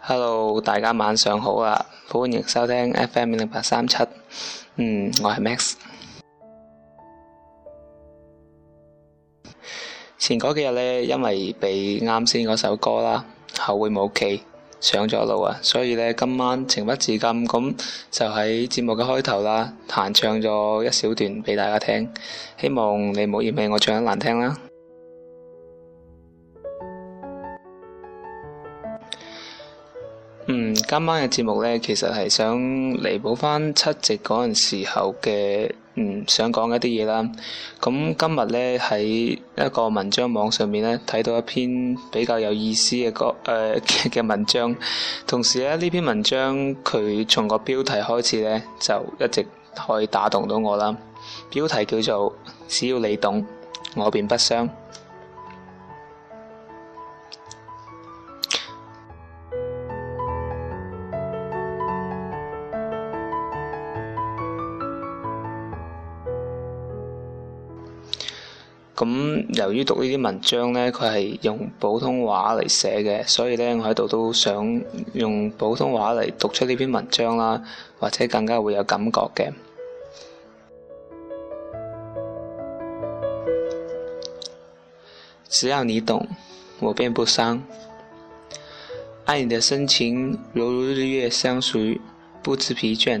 Hello，大家晚上好啊，歡迎收聽 FM 零八三七。嗯，我係 Max。前嗰幾日呢，因為被啱先嗰首歌啦，後會冇期。上咗路啊，所以咧今晚情不自禁，咁就喺節目嘅開頭啦，彈唱咗一小段俾大家聽，希望你唔好嫌棄我唱得難聽啦。嗯，今晚嘅節目咧，其實係想彌補翻七夕嗰陣時候嘅。嗯，想講一啲嘢啦。咁今日咧喺一個文章網上面咧睇到一篇比較有意思嘅嘅、呃、文章，同時咧呢篇文章佢從個標題開始咧就一直可以打動到我啦。標題叫做《只要你懂，我便不傷》。咁由於讀呢啲文章呢，佢係用普通話嚟寫嘅，所以呢，我喺度都想用普通話嚟讀出呢篇文章啦，或者更加會有感覺嘅。只要你懂，我便不傷。愛你的深情，猶如日月相隨，不知疲倦。